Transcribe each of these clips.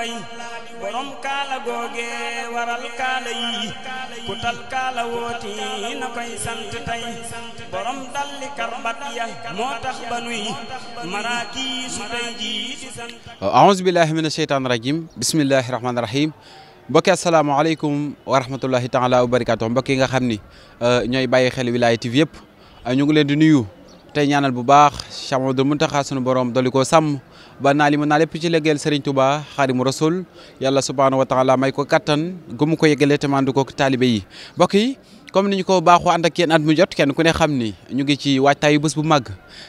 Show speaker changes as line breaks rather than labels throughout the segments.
way borom kaala googee waral kaala yi ku kaala wooti na koy sant tey borom dalli karbat ya moo tax ba nuy maraaki su tey ji di sant aouzu billahi min asheytaan rajim bismillahi rahmaani rahim mbokki asalaamaaleykum wa rahmatullahi taala wa barakaatu mbokk yi nga xam ni euh, ñooy bàyyi xel Wilaya TV yëpp euh, ñu ngi leen di nuyu tey ñaanal bu baax Cheikh Mamadou Mountakha sunu borom dolli koo sàmm ba naa li mu naa lépp ci liggéeyal Serigne Touba Xaadimu Rasul yàlla subhaanahu wa taala may ko kattan gu mu ko yeggalee te maandu ko taalibe yi mbokk yi comme ni ñu ko baaxoo ànd ak yéen at mu jot kenn ku ne xam ni ñu ngi ci waajtaayu bés bu màgg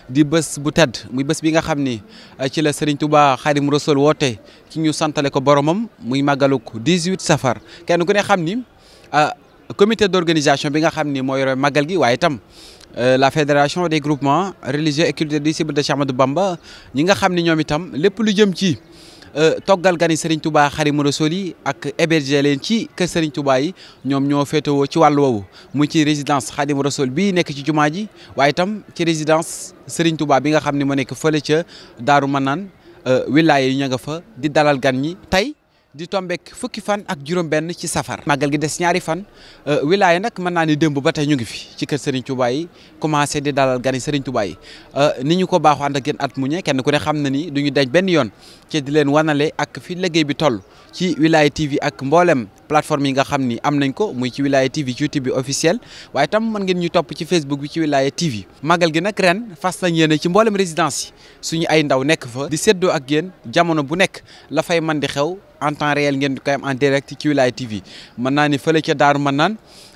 di bés bu tedd muy bés bi nga xam ni eh, ci la Serigne Touba Xaadimu Rasul woote ci ñu santale ko boromam muy màggaluk 18 safar kenn ku ne xam ni eh, comité d'organisation bi nga xam ni moo yore màggal gi waay itam Euh, la fédération des groupement religieux et culturels du cible de Cheikh Ahmadou Bamba ñi nga xam ne ñoom itam lépp lu jëm ci euh, toggal gani Serigne Touba xari Rasuul yi ak héberger leen ci kër Serigne Touba ñoom ñoo féetewoo ci wàllu woowu mu ci résidence Xadimu Rasuul bii nekk ci jumaa ji waaye itam ci résidence Serigne Touba bi nga xam ne ma nekk fële ca Daaru Manaan euh, wilaaya yi ña nga fa di dalal gan ñi tey. di tombek fukki fan ak juróom-benn ci safar. màggal gi des ñaari fan euh, wilaya nag mën naa ni démb ba tey ñu ngi fi ci kër Serigne Touba yi commencé di dalal gani Serigne Touba yi euh, ni ñu ko baaxoo ànd ak yéen at mu ñe kenn ku ne xam na ni du ñu daj benn yoon ci di leen wanale ak fi liggéey bi toll ci wilaya TV ak mboolem plateforme yi nga xam ni am nañ ko muy ci wilaya TV ci YouTube bi officiel waaye tam mën ngeen ñu topp ci Facebook bi ci wilaya TV. màggal gi nag ren fas nañ yéene ci mboolem résidence yi suñu ay ndaw nekk fa di séddoo ak yéen jamono bu nekk la fay mën di xew. en temps réel ngeen di koy am en direct ci Wilaya TV mën naa ni fële ca Daaru ma naan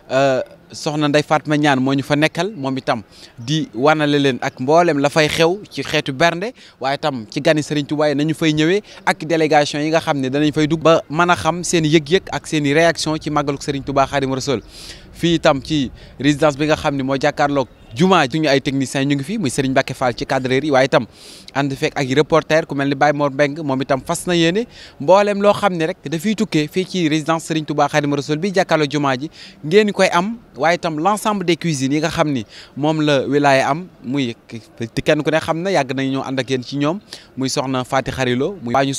euh, soxna Ndeye Fatma Ñaan moo ñu fa nekkal moom itam di wanale leen ak mboolem la fay xew ci xeetu bernde waaye tam ci gani Serigne Touba yi nañu fay ñëwee ak délégation yi nga xam ne danañ fay dugg ba mën a xam seen yëg-yëg ak seen i réaction ci màggaluk Serigne Touba Xaadimu Rasuul fii itam ci résidence bi nga xam ne moo jàkkaarloog juma duñu ay techniciens ñu ngi fi muy Serigne Mbacke Fall ci cadreur yi waaye itam ànd fekk ak reporter ku mel ni Baye Mor moom itam fas na yéene mbooleem loo xam ne rek dafiy tukkee fii ci résidence Serigne Touba Khadim Rasoul bi jàkkaarloog juma ji ngeen koy am waaye itam l' ensemble des cuisines yi nga xam ni moom la wilaya am muy kenn ku ne xam na yàgg nañ ñoo ànd ak yéen ci ñoom muy soxna Fati Xarilo muy waa ñu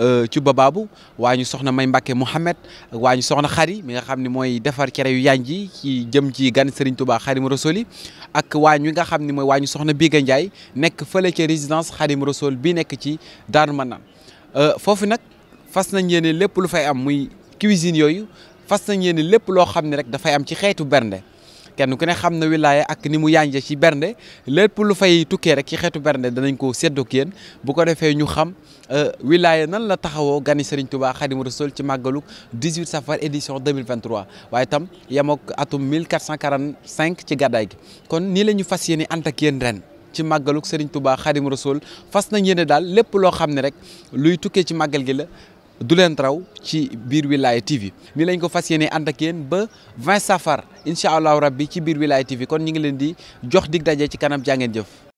Euh, Cuba Babu waa ñu soxna May Mbacke Mouhamed waañu soxna xari mi nga xam ni mooy defar cere yu yaañ ji ci jëm ci gan Serigne Touba Xadim Rasoli ak waañ ñu nga xam ni mooy waañu soxna Biga Ndiaye nekk fële ca résidence Xadim Rasol bi nekk ci daan Daaru Manaan euh, foofu nag fas nañ yéene lépp lu fay am muy cuisine yooyu fas nañ yéene lépp loo xam ne rek dafay am ci xeetu bernde kenn ku ne xam na wilaaya ak ni mu yànje ci bernde lépp lu fay tukkee rek ci xeetu bernde danañ ko séddoog yéen bu ko defee ñu xam euh, wilaaya nan la taxawoo gani Serigne Touba Xaadimu Rasuul ci màggalu 18 safar édition 2023 waaye itam yemook atum 1445 ci gàddaay gi kon nii la ñu fas yéene ànd ak yéen ren. ci màggaluk Serigne Touba Xaadimu Rasuul fas nañ yéene daal lépp loo xam ne rek luy tukkee ci màggal gi la du leen raw ci biir Wilaya TV ni lañ ko fas yéene ànd ak yéen ba 20 safar incha rab bi ci biir Wilaya TV kon ñu ngi leen di jox dig daje ci kanam jaa ngeen jëf.